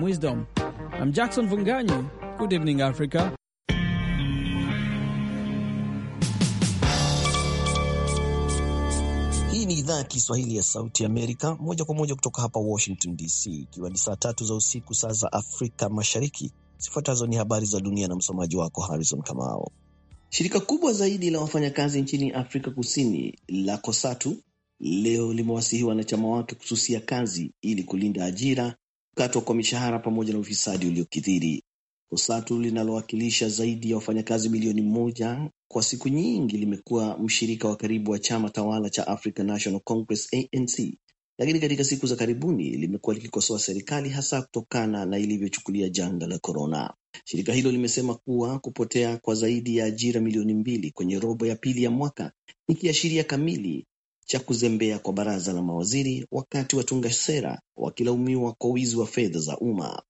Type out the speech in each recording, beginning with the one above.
Wisdom. I'm Jackson Vunganyi. Good evening, Africa. Hii ni idhaa ya Kiswahili ya Sauti Amerika, moja kwa moja kutoka hapa Washington DC, ikiwa ni saa tatu za usiku, saa za Afrika Mashariki. Zifuatazo ni habari za dunia na msomaji wako Harrison Kamao. Shirika kubwa zaidi la wafanyakazi nchini Afrika Kusini la Kosatu leo limewasihi wanachama wake kususia kazi ili kulinda ajira kukatwa kwa mishahara pamoja na ufisadi uliokithiri. COSATU linalowakilisha zaidi ya wafanyakazi milioni moja kwa siku nyingi limekuwa mshirika wa karibu wa chama tawala cha African National Congress ANC, lakini katika siku za karibuni limekuwa likikosoa serikali hasa kutokana na ilivyochukulia janga la korona. Shirika hilo limesema kuwa kupotea kwa zaidi ya ajira milioni mbili kwenye robo ya pili ya mwaka ni kiashiria kamili cha kuzembea kwa baraza la mawaziri wakati watunga sera wakilaumiwa kwa wizi wa fedha za umma.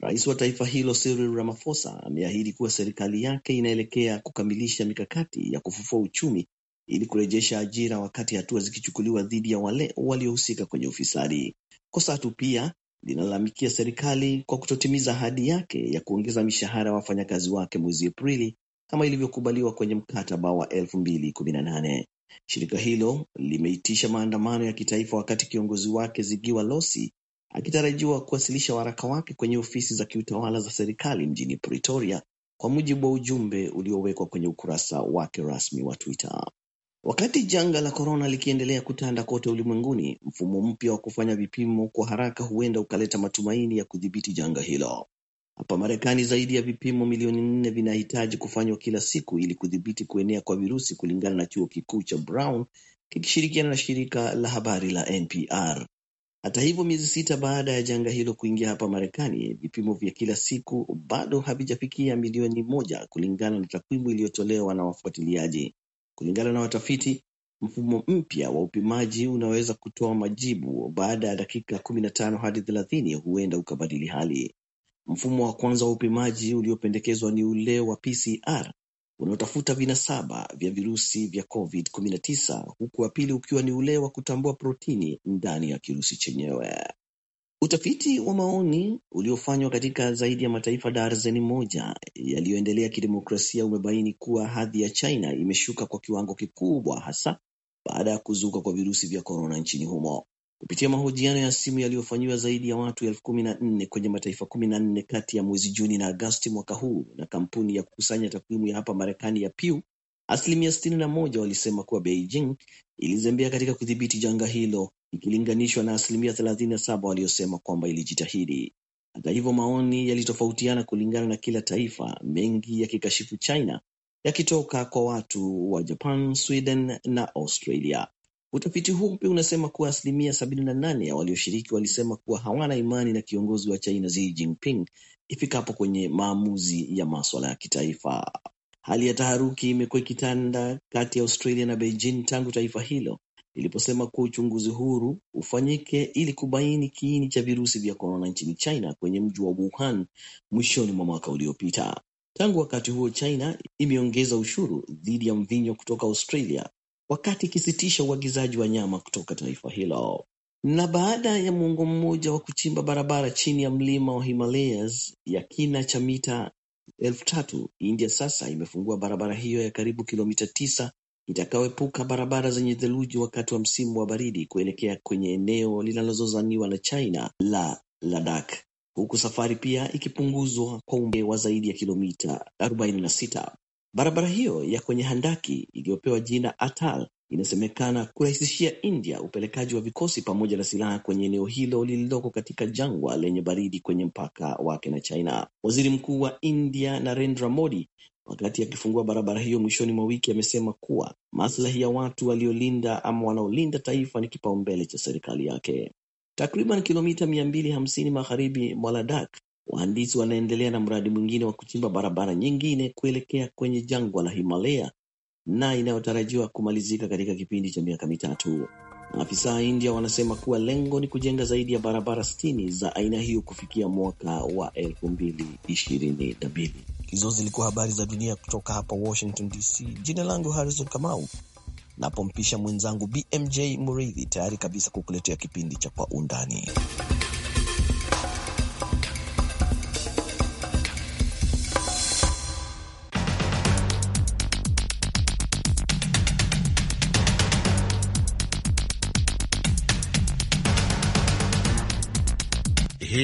Rais wa taifa hilo Cyril Ramaphosa ameahidi kuwa serikali yake inaelekea kukamilisha mikakati ya kufufua uchumi ili kurejesha ajira, wakati hatua zikichukuliwa dhidi ya wale waliohusika kwenye ufisadi. Kosatu pia linalalamikia serikali kwa kutotimiza ahadi yake ya kuongeza mishahara ya wafanyakazi wake mwezi Aprili kama ilivyokubaliwa kwenye mkataba wa 2018. Shirika hilo limeitisha maandamano ya kitaifa wakati kiongozi wake zigiwa Losi akitarajiwa kuwasilisha waraka wake kwenye ofisi za kiutawala za serikali mjini Pretoria, kwa mujibu wa ujumbe uliowekwa kwenye ukurasa wake rasmi wa Twitter. Wakati janga la korona likiendelea kutanda kote ulimwenguni, mfumo mpya wa kufanya vipimo kwa haraka huenda ukaleta matumaini ya kudhibiti janga hilo. Hapa Marekani zaidi ya vipimo milioni nne vinahitaji kufanywa kila siku ili kudhibiti kuenea kwa virusi kulingana na Chuo Kikuu cha Brown kikishirikiana na shirika la habari la NPR. Hata hivyo, miezi sita baada ya janga hilo kuingia hapa Marekani, vipimo vya kila siku bado havijafikia milioni moja kulingana na takwimu iliyotolewa na wafuatiliaji. Kulingana na watafiti, mfumo mpya wa upimaji unaweza kutoa majibu baada ya dakika 15 hadi 30, huenda ukabadili hali. Mfumo wa kwanza wa upimaji uliopendekezwa ni ule wa PCR unaotafuta vinasaba vya virusi vya COVID-19 huku wa pili ukiwa ni ule wa kutambua protini ndani ya kirusi chenyewe. Utafiti wa maoni uliofanywa katika zaidi ya mataifa darzeni moja yaliyoendelea kidemokrasia umebaini kuwa hadhi ya China imeshuka kwa kiwango kikubwa hasa baada ya kuzuka kwa virusi vya korona nchini humo kupitia mahojiano ya simu yaliyofanyiwa zaidi ya watu elfu kumi na nne kwenye mataifa kumi na nne kati ya mwezi Juni na Agosti mwaka huu na kampuni ya kukusanya takwimu ya hapa Marekani ya Pew, asilimia 61 walisema kuwa Beijing ilizembea katika kudhibiti janga hilo ikilinganishwa na asilimia saba waliosema kwamba ilijitahidi. Hata hivyo, maoni yalitofautiana kulingana na kila taifa, mengi yakikashifu China yakitoka kwa watu wa Japan, Sweden na Australia. Utafiti huu pia unasema kuwa asilimia sabini na nane ya walioshiriki walisema kuwa hawana imani na kiongozi wa China Xi Jinping ifikapo kwenye maamuzi ya maswala ya kitaifa. Hali ya taharuki imekuwa ikitanda kati ya Australia na Beijing tangu taifa hilo iliposema kuwa uchunguzi huru ufanyike ili kubaini kiini cha virusi vya korona nchini China kwenye mji wa Wuhan mwishoni mwa mwaka uliopita. Tangu wakati huo China imeongeza ushuru dhidi ya mvinyo kutoka Australia wakati ikisitisha uagizaji wa nyama kutoka taifa hilo. Na baada ya muongo mmoja wa kuchimba barabara chini ya mlima wa Himalayas ya kina cha mita elfu tatu, India sasa imefungua barabara hiyo ya karibu kilomita tisa itakayoepuka barabara zenye theluji wakati wa msimu wa baridi kuelekea kwenye eneo linalozozaniwa na China la Ladakh, huku safari pia ikipunguzwa kwa umbe wa zaidi ya kilomita 46. Barabara hiyo ya kwenye handaki iliyopewa jina Atal inasemekana kurahisishia India upelekaji wa vikosi pamoja na silaha kwenye eneo hilo lililoko katika jangwa lenye baridi kwenye mpaka wake na China. Waziri Mkuu wa India Narendra Modi, wakati akifungua barabara hiyo mwishoni mwa wiki, amesema kuwa maslahi ya watu waliolinda ama wanaolinda taifa ni kipaumbele cha serikali yake. Takriban kilomita 250 magharibi mwa Ladakh Wahandisi wanaendelea na mradi mwingine wa kuchimba barabara nyingine kuelekea kwenye jangwa la Himalaya na inayotarajiwa kumalizika katika kipindi cha miaka mitatu. Maafisa wa India wanasema kuwa lengo ni kujenga zaidi ya barabara 60 za aina hiyo kufikia mwaka wa 2022. Hizo zilikuwa habari za dunia kutoka hapa Washington DC. Jina langu Harrison Kamau, napompisha mwenzangu BMJ mridhi tayari kabisa kukuletea kipindi cha Kwa Undani.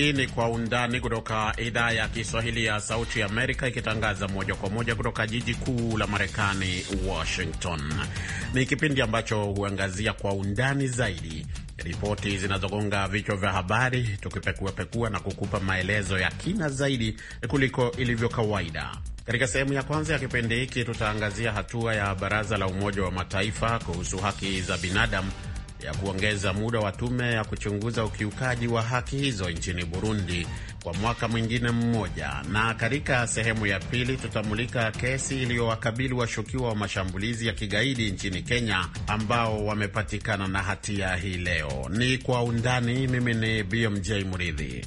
Hii ni Kwa Undani kutoka idhaa ya Kiswahili ya Sauti Amerika, ikitangaza moja kwa moja kutoka jiji kuu la Marekani, Washington. Ni kipindi ambacho huangazia kwa undani zaidi ripoti zinazogonga vichwa vya habari, tukipekuapekua na kukupa maelezo ya kina zaidi kuliko ilivyo kawaida. Katika sehemu ya kwanza ya kipindi hiki tutaangazia hatua ya Baraza la Umoja wa Mataifa kuhusu haki za binadamu ya kuongeza muda wa tume ya kuchunguza ukiukaji wa haki hizo nchini Burundi kwa mwaka mwingine mmoja. Na katika sehemu ya pili tutamulika kesi iliyowakabili washukiwa wa mashambulizi ya kigaidi nchini Kenya ambao wamepatikana na hatia hii leo. Ni kwa undani. Mimi ni BMJ Muridhi.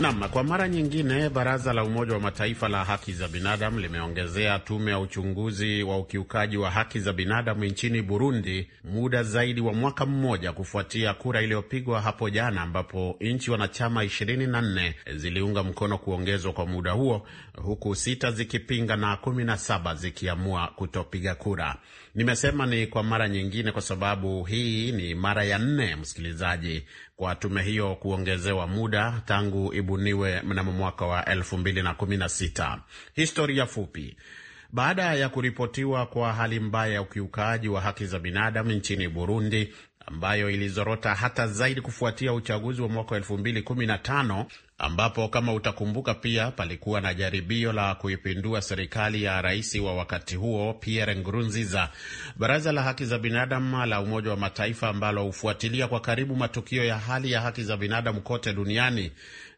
Naam, kwa mara nyingine baraza la Umoja wa Mataifa la haki za binadamu limeongezea tume ya uchunguzi wa ukiukaji wa haki za binadamu nchini Burundi muda zaidi wa mwaka mmoja kufuatia kura iliyopigwa hapo jana, ambapo nchi wanachama 24 ziliunga mkono kuongezwa kwa muda huo, huku sita zikipinga na 17 zikiamua kutopiga kura. Nimesema ni kwa mara nyingine kwa sababu hii ni mara ya nne, msikilizaji, kwa tume hiyo kuongezewa muda tangu ibuniwe mnamo mwaka wa 2016. Historia fupi. Baada ya kuripotiwa kwa hali mbaya ya ukiukaji wa haki za binadamu nchini Burundi ambayo ilizorota hata zaidi kufuatia uchaguzi wa mwaka 2015 ambapo kama utakumbuka pia palikuwa na jaribio la kuipindua serikali ya rais wa wakati huo Pierre Nkurunziza. Baraza la haki za binadamu la Umoja wa Mataifa ambalo hufuatilia kwa karibu matukio ya hali ya haki za binadamu kote duniani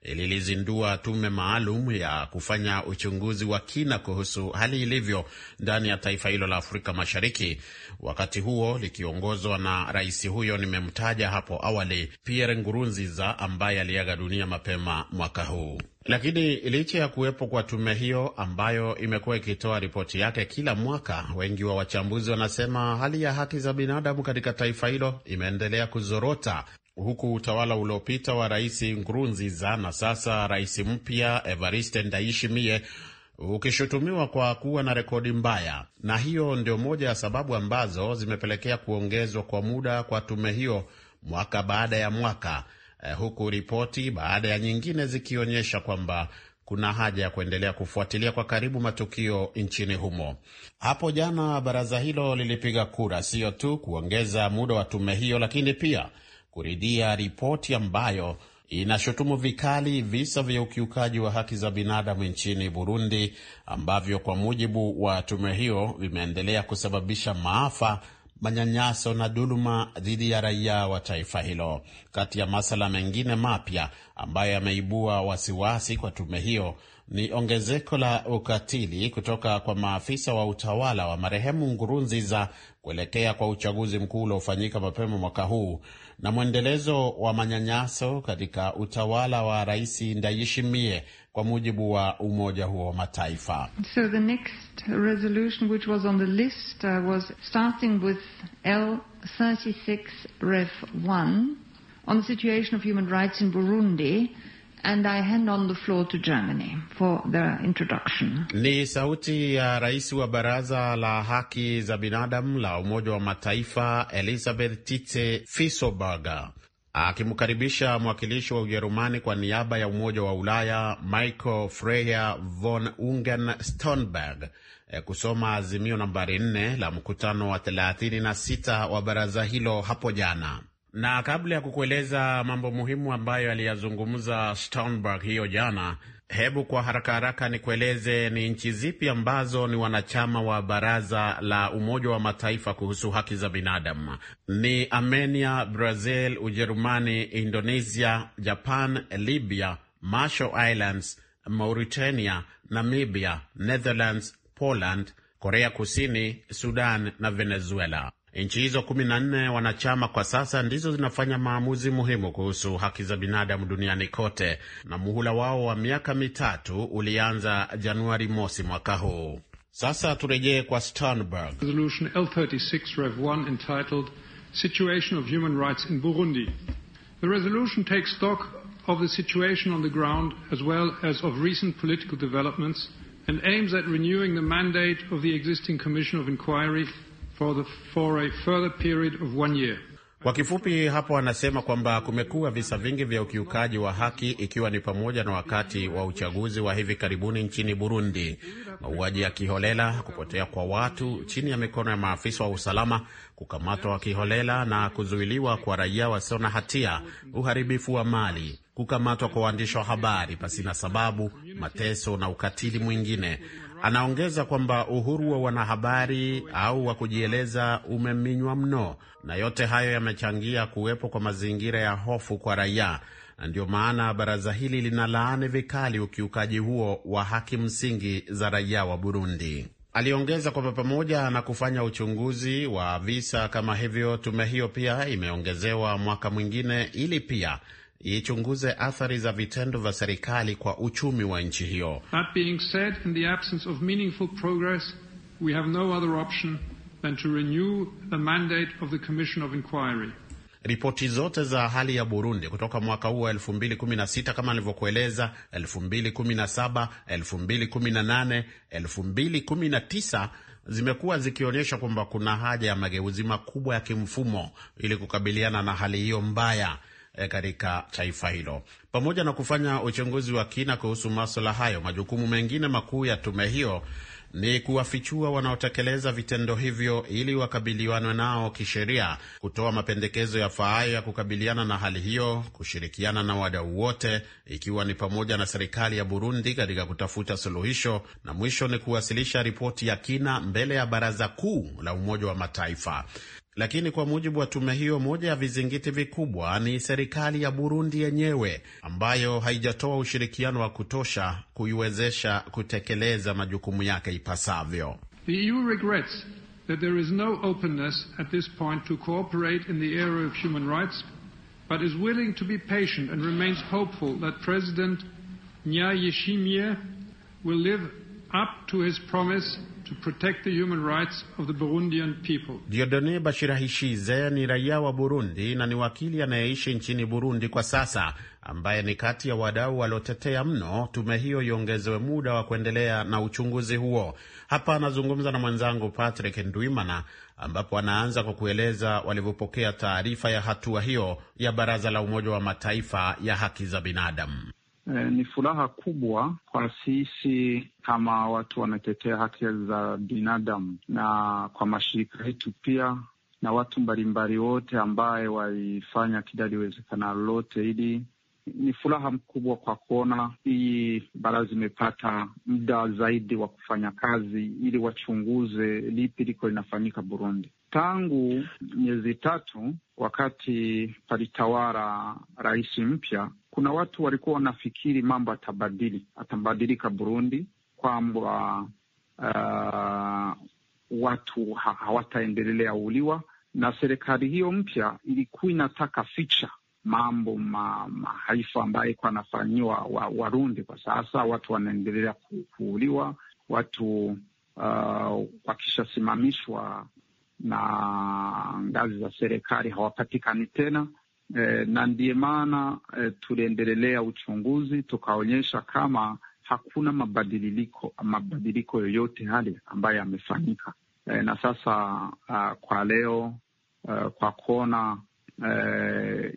lilizindua tume maalum ya kufanya uchunguzi wa kina kuhusu hali ilivyo ndani ya taifa hilo la Afrika Mashariki, wakati huo likiongozwa na rais huyo nimemtaja hapo awali, Pierre ngurunziza ambaye aliaga dunia mapema mwaka huu. Lakini licha ya kuwepo kwa tume hiyo ambayo imekuwa ikitoa ripoti yake kila mwaka, wengi wa wachambuzi wanasema hali ya haki za binadamu katika taifa hilo imeendelea kuzorota huku utawala uliopita wa Rais Nkurunziza na sasa rais mpya Evariste Ndayishimiye ukishutumiwa kwa kuwa na rekodi mbaya, na hiyo ndio moja ya sababu ambazo zimepelekea kuongezwa kwa muda kwa tume hiyo mwaka baada ya mwaka, eh, huku ripoti baada ya nyingine zikionyesha kwamba kuna haja ya kuendelea kufuatilia kwa karibu matukio nchini humo. Hapo jana baraza hilo lilipiga kura sio tu kuongeza muda wa tume hiyo, lakini pia kuridhia ripoti ambayo inashutumu vikali visa vya ukiukaji wa haki za binadamu nchini Burundi ambavyo kwa mujibu wa tume hiyo vimeendelea kusababisha maafa, manyanyaso na dhuluma dhidi ya raia wa taifa hilo. Kati ya masala mengine mapya ambayo yameibua wasiwasi kwa tume hiyo ni ongezeko la ukatili kutoka kwa maafisa wa utawala wa marehemu ngurunziza kuelekea kwa uchaguzi mkuu uliofanyika mapema mwaka huu na mwendelezo wa manyanyaso katika utawala wa Rais Ndayishimiye kwa mujibu wa umoja huo wa Mataifa. So the next resolution which was on the list uh, was starting with L36 1 on the situation of human rights in Burundi And I hand on the floor to Germany for the introduction. Ni sauti ya rais wa baraza la haki za binadamu la Umoja wa Mataifa Elizabeth Tite Fisoberger akimkaribisha mwakilishi wa Ujerumani kwa niaba ya Umoja wa Ulaya Michael Freya von Ungen stonberg eh, kusoma azimio nambari 4 la mkutano wa 36 wa baraza hilo hapo jana. Na kabla ya kukueleza mambo muhimu ambayo aliyazungumza Steinberg hiyo jana, hebu kwa haraka haraka nikueleze ni nchi zipi ambazo ni wanachama wa Baraza la Umoja wa Mataifa kuhusu haki za binadamu. Ni Armenia, Brazil, Ujerumani, Indonesia, Japan, Libya, Marshall Islands, Mauritania, Namibia, Netherlands, Poland, Korea Kusini, Sudan na Venezuela. Nchi hizo kumi na nne wanachama kwa sasa ndizo zinafanya maamuzi muhimu kuhusu haki za binadamu duniani kote, na muhula wao wa miaka mitatu ulianza Januari mosi mwaka huu. Sasa turejee kwa Sternberg. Resolution L36 Rev 1 entitled Situation of Human Rights in Burundi. The resolution takes stock of the situation on the ground as well as of recent political developments and aims at renewing the mandate of the existing Commission of Inquiry for, the, for a further period of one year. Kwa kifupi hapo anasema kwamba kumekuwa visa vingi vya ukiukaji wa haki ikiwa ni pamoja na wakati wa uchaguzi wa hivi karibuni nchini Burundi, mauaji ya kiholela, kupotea kwa watu chini ya mikono ya maafisa wa usalama, kukamatwa wa kiholela na kuzuiliwa kwa raia wasio na hatia, uharibifu wa mali kukamatwa kwa waandishi wa habari pasina sababu, mateso na ukatili mwingine Anaongeza kwamba uhuru wa wanahabari au wa kujieleza umeminywa mno, na yote hayo yamechangia kuwepo kwa mazingira ya hofu kwa raia, na ndio maana baraza hili linalaani vikali ukiukaji huo wa haki msingi za raia wa Burundi. Aliongeza kwamba pamoja na kufanya uchunguzi wa visa kama hivyo, tume hiyo pia imeongezewa mwaka mwingine ili pia ichunguze athari za vitendo vya serikali kwa uchumi wa nchi hiyo. That being said, in the absence of meaningful progress, we have no other option than to renew the mandate of the commission of inquiry. Ripoti zote za hali ya Burundi kutoka mwaka huu wa 2016 kama nilivyokueleza, 2017, 2018, 2019 zimekuwa zikionyesha kwamba kuna haja ya mageuzi makubwa ya kimfumo ili kukabiliana na hali hiyo mbaya e, katika taifa hilo. Pamoja na kufanya uchunguzi wa kina kuhusu maswala hayo, majukumu mengine makuu ya tume hiyo ni kuwafichua wanaotekeleza vitendo hivyo ili wakabiliwanwe nao kisheria, kutoa mapendekezo ya yafaayo ya kukabiliana na hali hiyo, kushirikiana na wadau wote, ikiwa ni pamoja na serikali ya Burundi katika kutafuta suluhisho, na mwisho ni kuwasilisha ripoti ya kina mbele ya Baraza Kuu la Umoja wa Mataifa. Lakini kwa mujibu wa tume hiyo, moja ya vizingiti vikubwa ni serikali ya Burundi yenyewe ambayo haijatoa ushirikiano wa kutosha kuiwezesha kutekeleza majukumu yake ipasavyo. The EU regrets that there is no openness at this point to cooperate in the area of human rights but is willing to be patient and remains hopeful that President will live up to his promise to protect the human rights of the Burundian people. Diodone Bashirahishize ni raia wa Burundi na ni wakili anayeishi nchini Burundi kwa sasa ambaye ni kati ya wadau waliotetea mno tume hiyo iongezewe muda wa kuendelea na uchunguzi huo. Hapa anazungumza na mwenzangu Patrick Ndwimana ambapo anaanza kwa kueleza walivyopokea taarifa ya hatua hiyo ya Baraza la Umoja wa Mataifa ya haki za binadamu. E, ni furaha kubwa kwa sisi kama watu wanatetea haki za binadamu na kwa mashirika yetu pia na watu mbalimbali wote ambaye walifanya kila liwezekana lolote ili ni furaha mkubwa kwa kuona hii bara imepata muda zaidi wa kufanya kazi ili wachunguze lipi liko linafanyika Burundi tangu miezi tatu wakati palitawala rais mpya kuna watu walikuwa wanafikiri mambo atabadili atabadilika Burundi, kwamba uh, watu ha hawataendelea uliwa, na serikali hiyo mpya ilikuwa inataka ficha mambo ma, mahaifa ambayo ilikuwa anafanyiwa Warundi kwa sasa. Watu wanaendelea ku, kuuliwa watu uh, wakishasimamishwa na ngazi za serikali hawapatikani tena e, na ndiye maana e, tuliendelelea uchunguzi tukaonyesha kama hakuna mabadiliko mabadiliko yoyote hali ambayo yamefanyika. E, na sasa uh, kwa leo uh, kwa kuona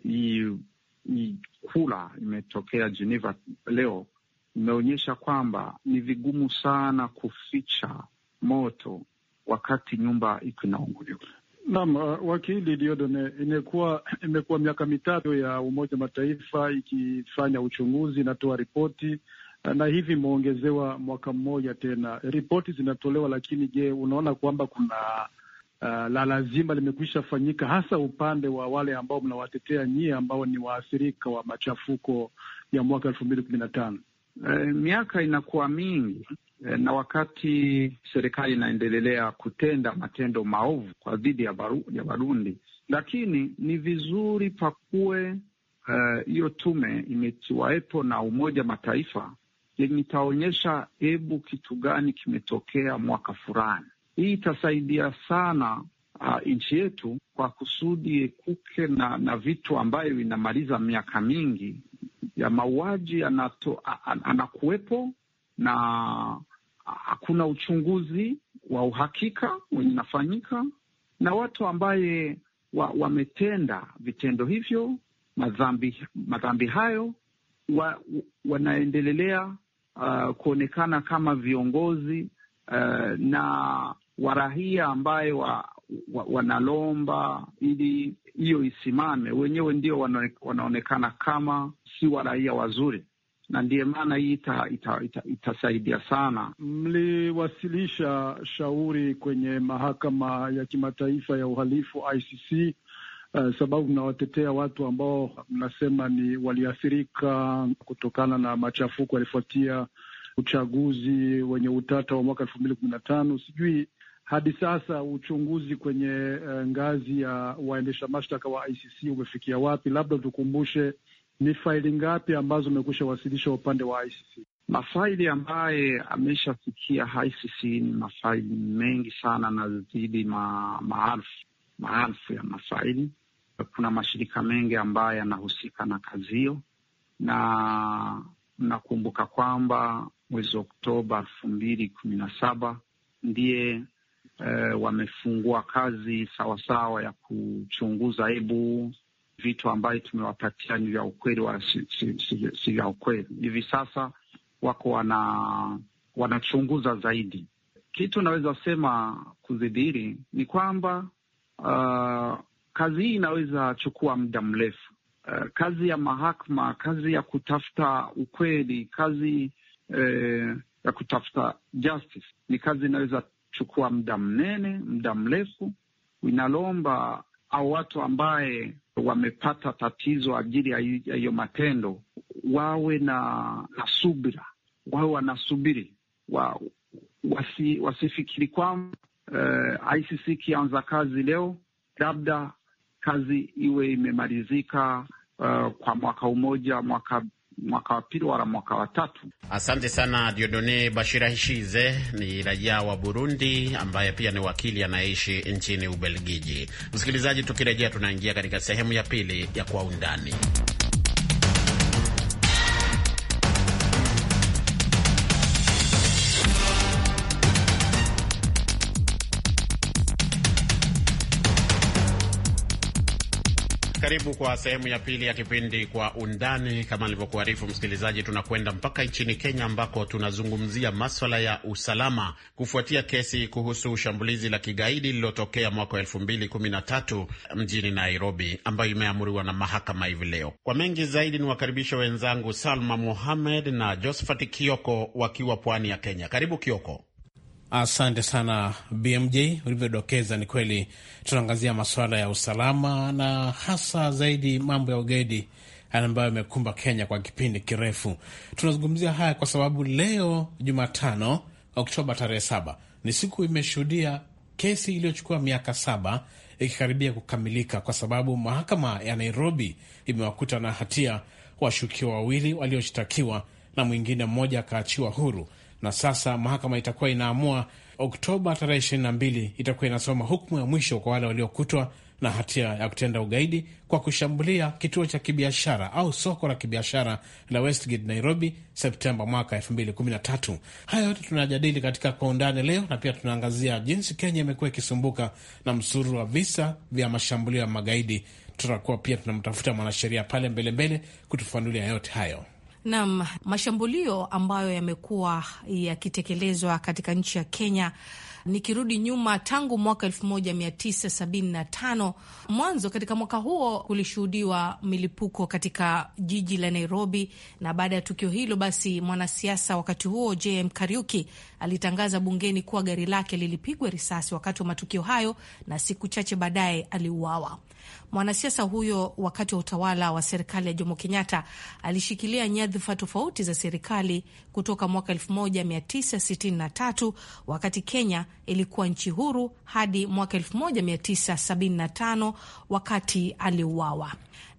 hii uh, kula imetokea Geneva leo imeonyesha kwamba ni vigumu sana kuficha moto wakati nyumba iko inaunguliwa. Naam, uh, wakili Diodone, imekuwa imekuwa miaka mitatu ya Umoja Mataifa ikifanya uchunguzi, inatoa ripoti uh, na hivi imeongezewa mwaka mmoja tena. Ripoti zinatolewa, lakini je, unaona kwamba kuna uh, la lazima limekwisha fanyika, hasa upande wa wale ambao mnawatetea nyie, ambao ni waathirika wa machafuko ya mwaka elfu mbili kumi na tano? Eh, miaka inakuwa mingi Eh, na wakati serikali inaendelea kutenda matendo maovu kwa dhidi ya barundi lakini ni vizuri pakuwe eh, hiyo uh, tume imetiwaepo na Umoja Mataifa yenye itaonyesha hebu kitu gani kimetokea mwaka fulani. Hii itasaidia sana uh, nchi yetu kwa kusudi ekuke na, na vitu ambayo vinamaliza miaka mingi ya mauaji anakuwepo na hakuna uchunguzi wa uhakika wenye nafanyika na watu ambaye wametenda wa vitendo hivyo madhambi, madhambi hayo wa, wanaendelelea uh, kuonekana kama viongozi uh, na warahia ambaye wa, wa, wanalomba ili hiyo isimame, wenyewe ndio wanaonekana kama si warahia wazuri na ndiye maana hii ita, ita, ita, itasaidia sana. Mliwasilisha shauri kwenye mahakama ya kimataifa ya uhalifu ICC, uh, eh, sababu mnawatetea watu ambao mnasema ni waliathirika kutokana na machafuko yalifuatia uchaguzi wenye utata wa mwaka elfu mbili kumi na tano. Sijui hadi sasa uchunguzi kwenye uh, ngazi ya waendesha mashtaka wa ICC umefikia wapi? Labda tukumbushe ni faili ngapi ambazo imekwisha wasilisha upande wa ICC? Mafaili ambaye ameshafikia ICC ni mafaili mengi sana na zaidi ma, maalfu ya mafaili. Kuna mashirika mengi ambayo yanahusika na kazi hiyo, na nakumbuka kwamba mwezi Oktoba elfu mbili kumi na saba ndiye e, wamefungua kazi sawasawa sawa ya kuchunguza ebu vitu ambayo tumewapatia ni vya ukweli wala si, si, si, si vya ukweli. Hivi sasa wako wana wanachunguza zaidi. Kitu naweza sema kuzidiri ni kwamba uh, kazi hii inaweza chukua muda mrefu. Uh, kazi ya mahakama, kazi ya kutafuta ukweli, kazi uh, ya kutafuta justice ni kazi inaweza chukua muda mnene, muda mrefu, inalomba au watu ambaye wamepata tatizo ajili ya hiyo matendo wawe na, na subira, wawe wanasubiri wa, wasi, wasifikiri kwamba uh, eh, ICC ikianza kazi leo labda kazi iwe imemalizika uh, kwa mwaka umoja mwaka mwaka wa pili wala mwaka wa tatu. Asante sana Diodone hishize ni raia wa Burundi ambaye pia ni wakili anayeishi nchini Ubelgiji. Msikilizaji, tukirejea tunaingia katika sehemu ya pili ya Kwa Undani. Karibu kwa sehemu ya pili ya kipindi Kwa Undani. Kama nilivyokuarifu msikilizaji, tunakwenda mpaka nchini Kenya ambako tunazungumzia maswala ya usalama kufuatia kesi kuhusu shambulizi la kigaidi lililotokea mwaka elfu mbili kumi na tatu mjini Nairobi, ambayo imeamuriwa na mahakama hivi leo. Kwa mengi zaidi, ni wakaribisha wenzangu Salma Mohamed na Josphat Kioko wakiwa pwani ya Kenya. Karibu Kioko. Asante sana BMJ. Ulivyodokeza, ni kweli tunaangazia masuala ya usalama na hasa zaidi mambo ya ugaidi ambayo imekumba Kenya kwa kipindi kirefu. Tunazungumzia haya kwa sababu leo Jumatano, Oktoba tarehe saba, ni siku imeshuhudia kesi iliyochukua miaka saba ikikaribia kukamilika kwa sababu mahakama ya Nairobi imewakuta na hatia washukiwa wawili walioshtakiwa na mwingine mmoja akaachiwa huru na sasa mahakama itakuwa inaamua Oktoba tarehe 22 itakuwa inasoma hukumu ya mwisho kwa wale waliokutwa na hatia ya kutenda ugaidi kwa kushambulia kituo cha kibiashara au soko la kibiashara la Westgate Nairobi, Septemba mwaka 2013. Haya yote tunajadili katika kwa undani leo, na pia tunaangazia jinsi Kenya imekuwa ikisumbuka na msururu wa visa vya mashambulio ya magaidi. Tutakuwa pia tunamtafuta mwanasheria pale mbelembele kutufanulia yote hayo. Naam, mashambulio ambayo yamekuwa yakitekelezwa katika nchi ya Kenya nikirudi nyuma tangu mwaka 1975 mwanzo, katika mwaka huo kulishuhudiwa milipuko katika jiji la Nairobi, na baada ya tukio hilo, basi mwanasiasa wakati huo JM Kariuki alitangaza bungeni kuwa gari lake lilipigwa risasi wakati wa matukio hayo, na siku chache baadaye aliuawa. Mwanasiasa huyo wakati wa utawala wa serikali ya Jomo Kenyatta alishikilia nyadhifa tofauti za serikali kutoka mwaka 1963 wakati Kenya ilikuwa nchi huru hadi mwaka 1975 wakati aliuawa.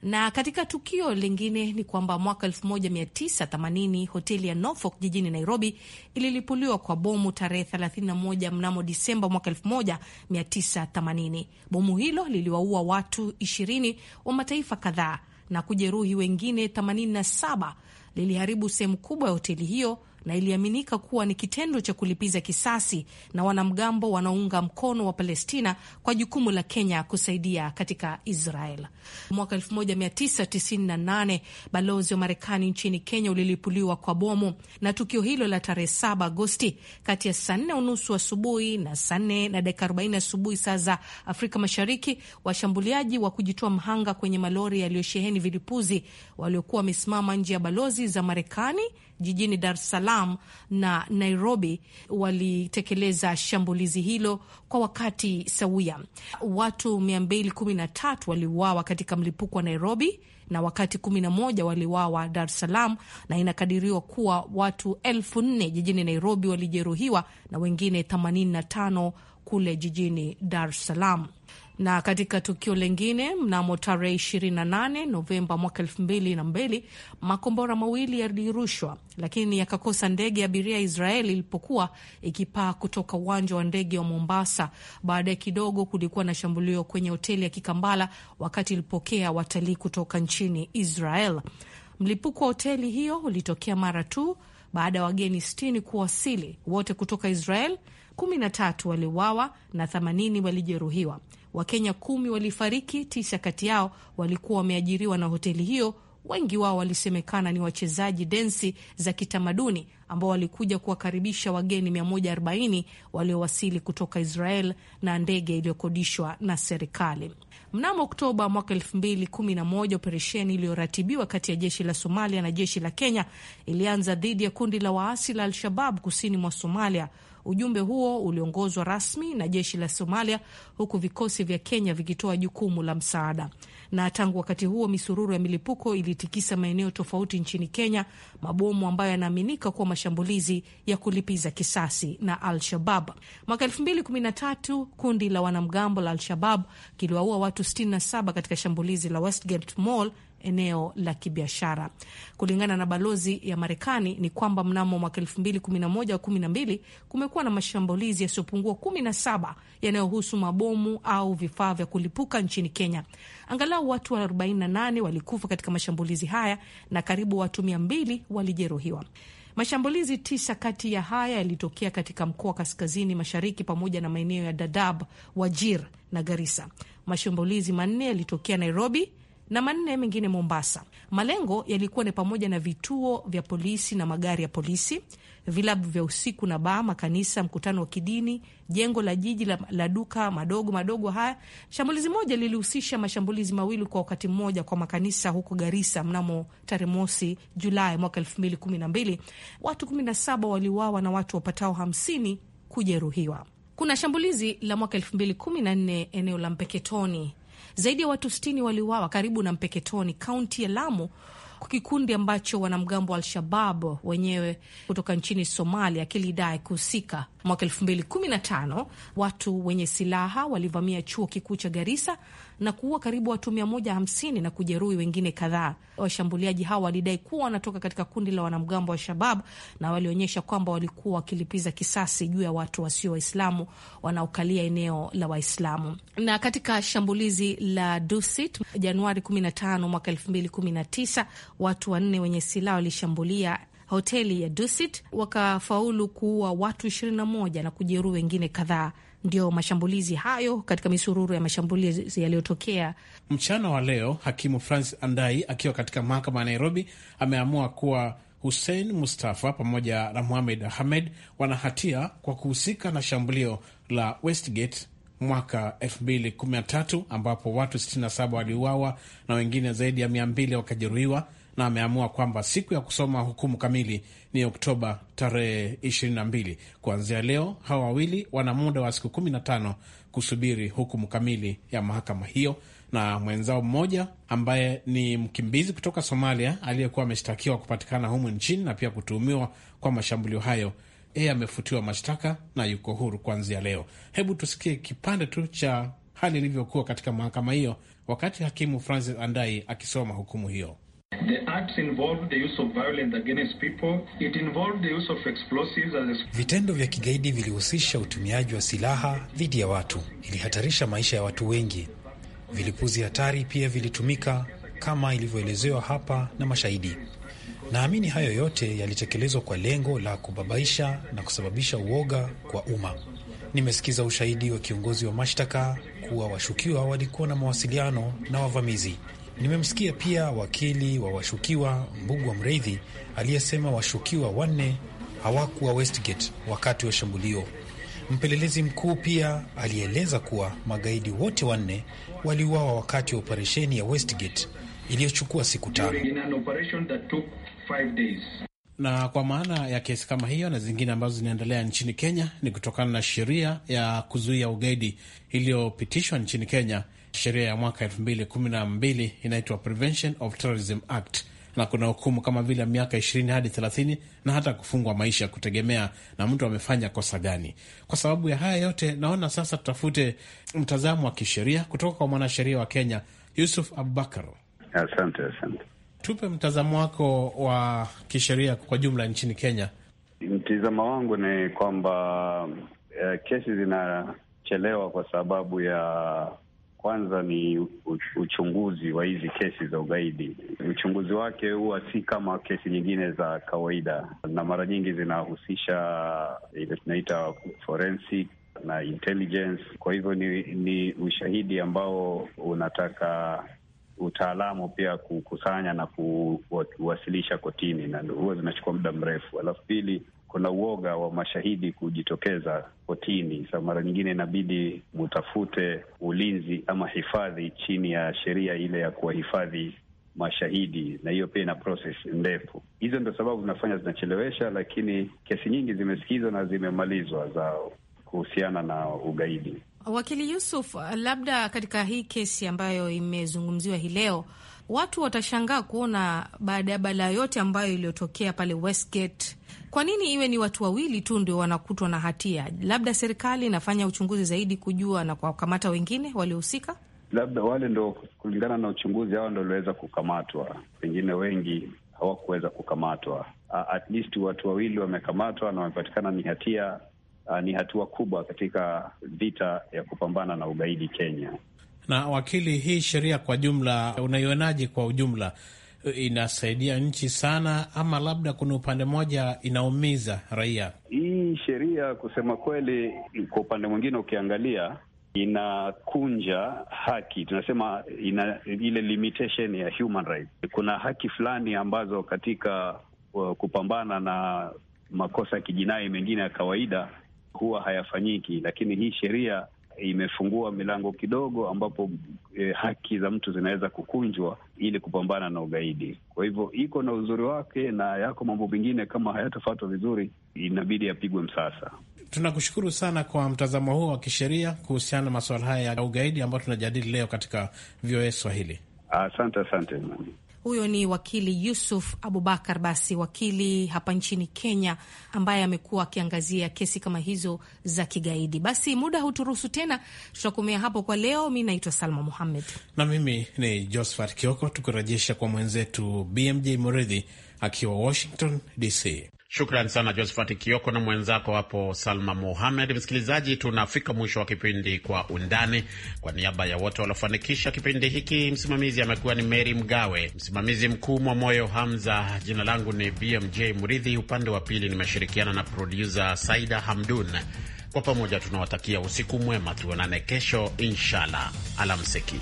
Na katika tukio lingine ni kwamba mwaka 1980 hoteli ya Norfolk jijini Nairobi ililipuliwa kwa bomu tarehe 31 mnamo Disemba mwaka 1980. Bomu hilo liliwaua watu 20 wa mataifa kadhaa na kujeruhi wengine 87. Liliharibu sehemu kubwa ya hoteli hiyo na iliaminika kuwa ni kitendo cha kulipiza kisasi na wanamgambo wanaounga mkono wa Palestina kwa jukumu la Kenya kusaidia katika Israel. Mwaka 1998 balozi wa Marekani nchini Kenya ulilipuliwa kwa bomu, na tukio hilo la tarehe 7 Agosti kati ya saa nne unusu asubuhi na saa nne na dakika 40 asubuhi saa za Afrika Mashariki, washambuliaji wa kujitoa mhanga kwenye malori yaliyosheheni vilipuzi waliokuwa wamesimama nje ya balozi za Marekani jijini Dar es Salaam na Nairobi walitekeleza shambulizi hilo kwa wakati sawia. Watu 213 waliuawa katika mlipuko wa Nairobi na wakati 11 waliuawa Dar es Salaam, na inakadiriwa kuwa watu elfu nne jijini Nairobi walijeruhiwa na wengine 85 kule jijini Dar es Salaam. Na katika tukio lingine, mnamo tarehe 28 Novemba mwaka elfu mbili na mbili makombora mawili yalirushwa lakini yakakosa ndege ya abiria ya Israeli ilipokuwa ikipaa kutoka uwanja wa ndege wa Mombasa. Baadaye kidogo kulikuwa na shambulio kwenye hoteli ya Kikambala wakati ilipokea watalii kutoka nchini Israel. Mlipuko wa hoteli hiyo ulitokea mara tu baada ya wageni sitini kuwasili wote kutoka Israel 13 waliuawa na 80 walijeruhiwa. Wakenya kumi walifariki, tisa kati yao walikuwa wameajiriwa na hoteli hiyo. Wengi wao walisemekana ni wachezaji densi za kitamaduni ambao walikuja kuwakaribisha wageni 140 waliowasili kutoka Israel na ndege iliyokodishwa na serikali. Mnamo Oktoba mwaka 2011, operesheni iliyoratibiwa kati ya jeshi la Somalia na jeshi la Kenya ilianza dhidi ya kundi la waasi la Al-Shabab kusini mwa Somalia, Ujumbe huo uliongozwa rasmi na jeshi la Somalia, huku vikosi vya Kenya vikitoa jukumu la msaada. Na tangu wakati huo misururu ya milipuko ilitikisa maeneo tofauti nchini Kenya, mabomu ambayo yanaaminika kuwa mashambulizi ya kulipiza kisasi na Al-Shabab. Mwaka tatu kundi la wanamgambo la Al-Shabab kiliwaua watu 67 katika shambulizi la Westgate Mall eneo la kibiashara. Kulingana na balozi ya Marekani ni kwamba mnamo mwaka elfu mbili kumi na moja kumi na mbili kumekuwa na mashambulizi yasiyopungua kumi na saba yanayohusu mabomu au vifaa vya kulipuka nchini Kenya. Angalau watu 48 walikufa katika mashambulizi haya na karibu watu mia mbili walijeruhiwa. Mashambulizi tisa kati ya haya yalitokea katika mkoa wa kaskazini mashariki pamoja na maeneo ya Dadab, Wajir na Garisa. Mashambulizi manne yalitokea Nairobi, na manne mengine Mombasa. Malengo yalikuwa ni pamoja na vituo vya polisi na magari ya polisi, vilabu vya usiku na baa, makanisa, mkutano wa kidini, jengo la jiji la, la duka madogo madogo haya. Shambulizi moja lilihusisha mashambulizi mawili kwa wakati mmoja kwa makanisa huko Garisa mnamo tarehe mosi Julai mwaka elfu mbili kumi na mbili. Watu kumi na saba waliuawa na watu wapatao hamsini kujeruhiwa. Kuna shambulizi la mwaka elfu mbili kumi na nne eneo la Mpeketoni zaidi ya watu sitini waliuawa karibu na Mpeketoni, kaunti ya Lamu, kwa kikundi ambacho wanamgambo wa Al-Shabab wenyewe kutoka nchini Somalia kilidai kuhusika. Mwaka elfu mbili kumi na tano watu wenye silaha walivamia chuo kikuu cha Garisa na kuua karibu watu mia moja hamsini na kujeruhi wengine kadhaa. Washambuliaji hao walidai kuwa wanatoka katika kundi la wanamgambo wa Shabab na walionyesha kwamba walikuwa wakilipiza kisasi juu ya watu wasio Waislamu wanaokalia eneo la Waislamu. Na katika shambulizi la Dusit Januari 15 mwaka 2019 watu wanne wenye silaha walishambulia hoteli ya Dusit wakafaulu kuua watu 21 na kujeruhi wengine kadhaa. Ndio mashambulizi hayo katika misururu ya mashambulizi yaliyotokea mchana wa leo. Hakimu Francis Andai akiwa katika mahakama ya Nairobi ameamua kuwa Hussein Mustafa pamoja na Muhamed Ahmed wana hatia kwa kuhusika na shambulio la Westgate mwaka 2013 ambapo watu 67 waliuawa na wengine zaidi ya 200 wakajeruhiwa na ameamua kwamba siku ya kusoma hukumu kamili ni Oktoba tarehe 22. Kuanzia leo hawa wawili wana muda wa siku 15 kusubiri hukumu kamili ya mahakama hiyo, na mwenzao mmoja ambaye ni mkimbizi kutoka Somalia aliyekuwa ameshtakiwa kupatikana humu nchini na pia kutuhumiwa kwa mashambulio hayo yeye amefutiwa mashtaka na yuko huru kuanzia leo. Hebu tusikie kipande tu cha hali ilivyokuwa katika mahakama hiyo wakati hakimu Francis Andai akisoma hukumu hiyo. Vitendo vya kigaidi vilihusisha utumiaji wa silaha dhidi ya watu, ilihatarisha maisha ya watu wengi. Vilipuzi hatari pia vilitumika kama ilivyoelezewa hapa na mashahidi. Naamini hayo yote yalitekelezwa kwa lengo la kubabaisha na kusababisha uoga kwa umma. Nimesikiza ushahidi wa kiongozi wa mashtaka kuwa washukiwa walikuwa na mawasiliano na wavamizi. Nimemsikia pia wakili wa washukiwa Mbugua Mreithi aliyesema washukiwa wanne hawakuwa Westgate wakati wa shambulio. Mpelelezi mkuu pia alieleza kuwa magaidi wote wanne waliuawa wakati wa operesheni ya Westgate iliyochukua siku tano. Na kwa maana ya kesi kama hiyo na zingine ambazo zinaendelea nchini Kenya, ni kutokana na sheria ya kuzuia ugaidi iliyopitishwa nchini Kenya Sheria ya mwaka elfu mbili kumi na mbili inaitwa Prevention of Terrorism Act na kuna hukumu kama vile miaka ishirini hadi thelathini na hata kufungwa maisha, kutegemea na mtu amefanya kosa gani. Kwa sababu ya haya yote, naona sasa tutafute mtazamo wa kisheria kutoka kwa mwanasheria wa Kenya Yusuf Abubakar. Asante, asante. Tupe mtazamo wako wa kisheria kwa jumla nchini Kenya. Mtizamo wangu ni kwamba uh, kesi zinachelewa kwa sababu ya kwanza ni uchunguzi wa hizi kesi za ugaidi. Uchunguzi wake huwa si kama kesi nyingine za kawaida, na mara nyingi zinahusisha ile eh, tunaita forensic na intelligence. Kwa hivyo ni, ni ushahidi ambao unataka utaalamu pia kukusanya na kuwasilisha kotini, na huwa zinachukua muda mrefu. Alafu pili kuna uoga wa mashahidi kujitokeza kotini. Sa mara nyingine inabidi mutafute ulinzi ama hifadhi chini ya sheria ile ya kuwahifadhi mashahidi, na hiyo pia ina proses ndefu. Hizo ndo sababu zinafanya zinachelewesha, lakini kesi nyingi zimesikizwa na zimemalizwa za kuhusiana na ugaidi. Wakili Yusuf, labda katika hii kesi ambayo imezungumziwa hii leo watu watashangaa kuona baada ya balaa yote ambayo iliyotokea pale Westgate, kwa nini iwe ni watu wawili tu ndio wanakutwa na hatia? Labda serikali inafanya uchunguzi zaidi kujua na kuwakamata wengine waliohusika labda wale ndo kulingana na uchunguzi, hawa ndo waliweza kukamatwa, pengine wengi hawakuweza kukamatwa. Uh, at least watu wawili wamekamatwa na wamepatikana ni hatia. Uh, ni hatua kubwa katika vita ya kupambana na ugaidi Kenya. Na wakili, hii sheria kwa jumla unaionaje? Kwa ujumla inasaidia nchi sana, ama labda kuna upande mmoja inaumiza raia? Hii sheria kusema kweli, kwa upande mwingine ukiangalia inakunja haki, tunasema ina ile limitation ya human rights. Kuna haki fulani ambazo katika uh, kupambana na makosa ya kijinai mengine ya kawaida huwa hayafanyiki, lakini hii sheria imefungua milango kidogo ambapo e, haki za mtu zinaweza kukunjwa ili kupambana na ugaidi. Kwa hivyo iko na uzuri wake, na yako mambo mengine kama hayatafuatwa vizuri, inabidi yapigwe msasa. Tunakushukuru sana kwa mtazamo huo wa kisheria kuhusiana na masuala haya ya ugaidi ambayo tunajadili leo katika VOA Swahili. Asante, asante. Huyo ni wakili Yusuf Abubakar, basi wakili hapa nchini Kenya ambaye amekuwa akiangazia kesi kama hizo za kigaidi. Basi muda huturuhusu tena, tutakomea hapo kwa leo. Mi naitwa Salma Muhammed na mimi ni Josphat Kioko, tukurejesha kwa mwenzetu BMJ Muridhi akiwa Washington DC. Shukran sana Josphat Kioko na mwenzako hapo Salma muhamed Msikilizaji, tunafika mwisho wa kipindi Kwa Undani. Kwa niaba ya wote waliofanikisha kipindi hiki, msimamizi amekuwa ni Meri Mgawe, msimamizi mkuu mwa Moyo Hamza. Jina langu ni BMJ mridhi upande wa pili nimeshirikiana na produsa Saida Hamdun. Kwa pamoja tunawatakia usiku mwema, tuonane kesho inshallah. Alamsiki.